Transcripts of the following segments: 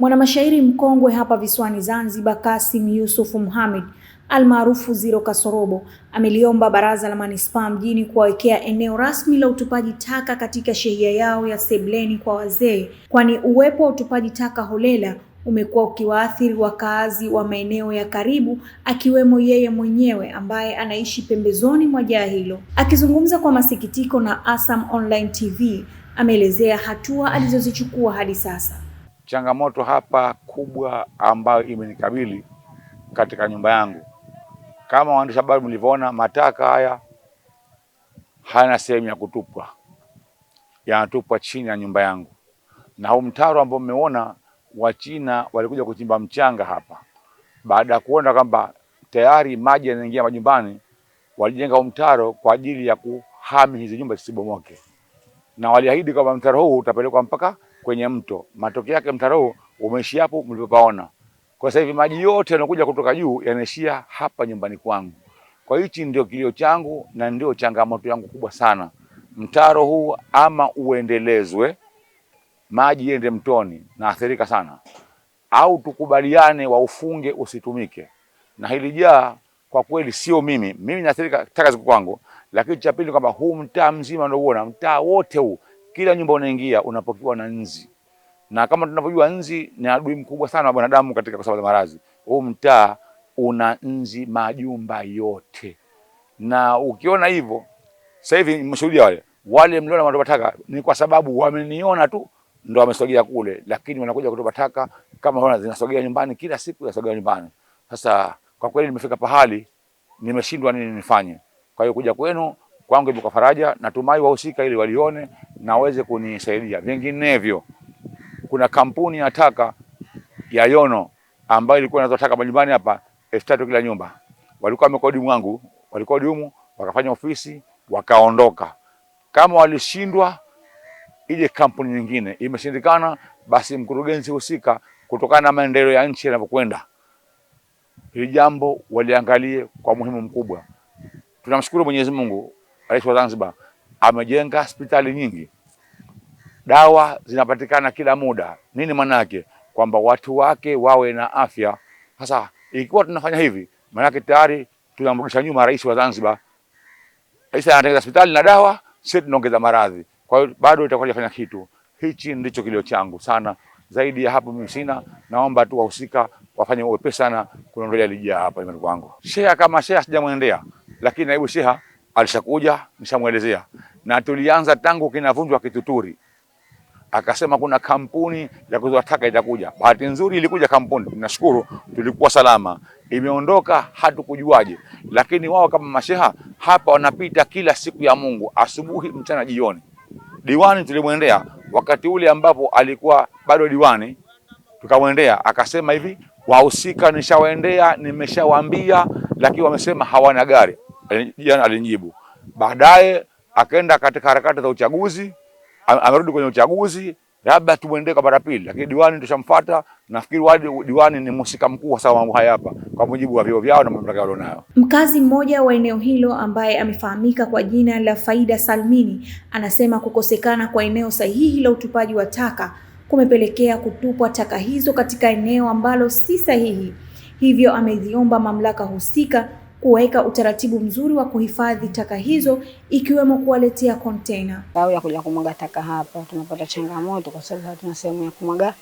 mwanamashairi mkongwe hapa visiwani Zanzibar, Kasim Yusufu Mohamed almaarufu Ziro Kasorobo ameliomba Baraza la Manispaa Mjini kuwawekea eneo rasmi la utupaji taka katika shehia yao ya Sebleni kwa wazee, kwani uwepo wa utupaji taka holela umekuwa ukiwaathiri wakaazi wa maeneo ya karibu akiwemo yeye mwenyewe ambaye anaishi pembezoni mwa jaa hilo. Akizungumza kwa masikitiko na Asam Online TV, ameelezea hatua alizozichukua hadi sasa. Changamoto hapa kubwa ambayo imenikabili katika nyumba yangu, kama waandishi habari mlivyoona, mataka haya hayana sehemu ya kutupwa, yanatupwa chini ya nyumba yangu, na huu mtaro ambao mmeona, Wachina walikuja kuchimba mchanga hapa baada ya kuona kwamba tayari maji yanaingia majumbani, walijenga huu mtaro kwa ajili ya kuhami hizi nyumba zisibomoke, na waliahidi kwamba mtaro huu utapelekwa mpaka kwenye mto. Matokeo yake mtaro umeishia hapo mlipopaona. Kwa sasa hivi maji yote yanokuja kutoka juu yanaishia hapa nyumbani kwangu. Kwa hichi ndio kilio changu na ndio changamoto yangu kubwa sana. Mtaro huu ama uendelezwe, maji yende mtoni, naathirika sana, au tukubaliane waufunge usitumike. Na hili jaa kwa kweli sio mimi, mimi naathirika, taka ziko kwangu, lakini cha pili kwamba huu mtaa mzima unaoona, mtaa wote huu kila nyumba unaingia unapokiwa na nzi, na kama tunavyojua nzi ni adui mkubwa sana wa binadamu katika kwa kusambaza maradhi. Huu mtaa una nzi majumba yote, na ukiona hivyo sasa hivi mshuhudia wale wale mliona watu wataka, ni kwa sababu wameniona tu ndo wamesogea kule, lakini wanakuja kutupa taka kama wana zinasogea nyumbani, kila siku zinasogea nyumbani. Sasa kwa kweli nimefika pahali nimeshindwa nini nifanye. Kwa hiyo kuja kwenu kwangu imekuwa faraja, natumai wahusika ili walione na waweze kunisaidia. Vinginevyo, kuna kampuni ya taka ya Yono ambayo ilikuwa inatoa taka majumbani hapa elfu tatu kila nyumba, walikuwa wamekodi mwangu, walikodi humu wakafanya ofisi wakaondoka. Kama walishindwa, ije kampuni nyingine. Imeshindikana, basi mkurugenzi husika, kutokana na maendeleo ya nchi yanavyokwenda, hili jambo waliangalie kwa muhimu mkubwa. Tunamshukuru Mwenyezi Mungu, Rais wa Zanzibar amejenga hospitali nyingi, dawa zinapatikana kila muda. Nini maana yake? Kwamba watu wake wawe na afya. Sasa ikiwa tunafanya hivi, maana yake tayari tunamrudisha nyuma rais wa Zanzibar. Rais anatengeneza hospitali na dawa, sisi tunaongeza maradhi. Kwa hiyo bado itakuwa hajafanya kitu. Hichi ndicho kilio changu sana. Zaidi ya hapo mimi sina, naomba tu wahusika wafanye uwepesi sana kuondolea lijaa hapa. Imani kwangu sheha kama sheha sijamwendea, lakini naibu sheha alishakuja nishamwelezea, na tulianza tangu kinavunjwa Kituturi. Akasema kuna kampuni ya kuzoa taka itakuja. Bahati nzuri ilikuja kampuni, tunashukuru, tulikuwa salama. Imeondoka hatukujuaje, lakini wao kama masheha hapa wanapita kila siku ya Mungu, asubuhi, mchana, jioni. Diwani tulimwendea wakati ule ambapo alikuwa bado diwani, tukamwendea akasema hivi, wahusika nishawaendea, nimeshawaambia, lakini wamesema hawana gari jana alinijibu. Baadaye akaenda katika harakati za uchaguzi, amerudi kwenye uchaguzi, labda tumwendee kwa mara pili, lakini diwani tushamfuata. Nafikiri wadi diwani ni mhusika mkuu wa mambo haya hapa, kwa mujibu wa vio vyao na mamlaka walionayo. Mkazi mmoja wa eneo hilo ambaye amefahamika kwa jina la Faida Salmini anasema kukosekana kwa eneo sahihi la utupaji wa taka kumepelekea kutupwa taka hizo katika eneo ambalo si sahihi, hivyo ameziomba mamlaka husika kuweka utaratibu mzuri wa kuhifadhi taka hizo ikiwemo kuwaletea kontena Au ya kuja kumwaga taka hapa tunapata changamoto kwa sababu hatuna sehemu ya kumwaga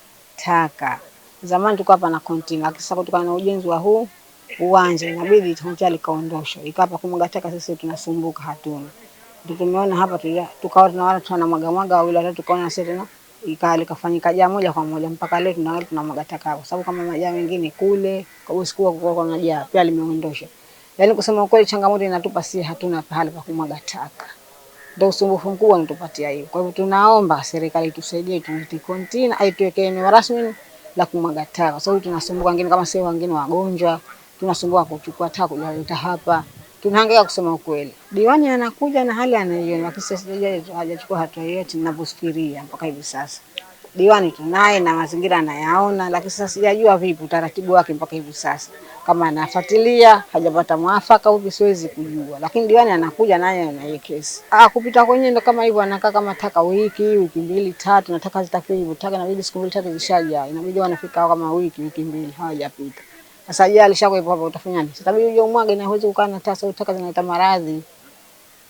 taka. Zamani tulikuwa hapa na kontena, lakini sasa kutokana na ujenzi wa huu uwanja inabidi container likaondoshwa. Ikapa kumwaga taka sisi tunasumbuka hatuna. Tumeona hapa tukawa tunaona tuna mwaga mwaga au ila tukaona sisi tena ikali likafanyika jaa moja kwa moja mpaka leo tunaona tunamwaga taka kwa sababu kama majaa mengine kule kwa sababu sikuwa kwa majaa pia limeondosha Yaani kusema ukweli, changamoto inatupa si hatuna pahali pa kumwaga taka, ndio usumbufu mkubwa unatupatia hiyo. Kwa hivyo tunaomba serikali tusaidie, tuweke container au tuweke eneo rasmi la kumwaga taka, kwa sababu tunasumbuka wengine, kama sio wengine wagonjwa, tunasumbuka kuchukua taka kuleta hapa, tunahangaika kusema ukweli. Diwani anakuja na hali anaiona, lakini sasa hajachukua hatua yoyote ninavyofikiria mpaka hivi sasa diwani tunaye na mazingira anayaona, lakini sasa sijajua vipi utaratibu wake mpaka hivi sasa, kama anafuatilia hajapata mwafaka upi, siwezi kujua, lakini diwani anakuja naye na ile kesi ah, kupita kwenye ndo kama hivyo, anakaa kama taka wiki wiki mbili tatu, nataka zitakiwe hivyo, taka inabidi siku mbili tatu zishaja, inabidi wanafika kama wiki wiki mbili hawajapita. Sasa je, alishakwa hapo, utafanya nini? Sasa hiyo umwage, na huwezi kukaa na tasa, taka zinaleta maradhi,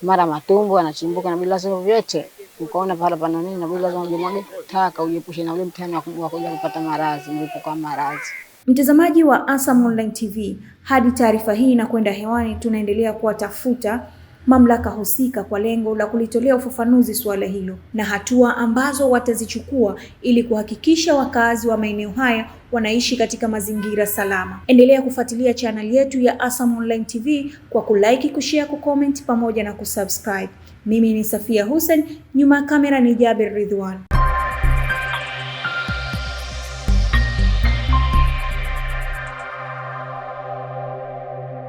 mara matumbo anachimbuka na bila sababu yote ukaona pahala pana nini, nabudi lazima ujimwage taka, ujiepushe na ule mtihani wa kuja kupata maradhi, mlipuko wa maradhi. Mtazamaji wa ASAM Online TV, hadi taarifa hii inakwenda hewani, tunaendelea kuwatafuta mamlaka husika kwa lengo la kulitolea ufafanuzi suala hilo na hatua ambazo watazichukua ili kuhakikisha wakazi wa maeneo haya wanaishi katika mazingira salama. Endelea kufuatilia chaneli yetu ya Asam Online TV kwa kulike, kushare, kucomment pamoja na kusubscribe. Mimi ni Safia Hussein, nyuma ya kamera ni Jabir Ridwan.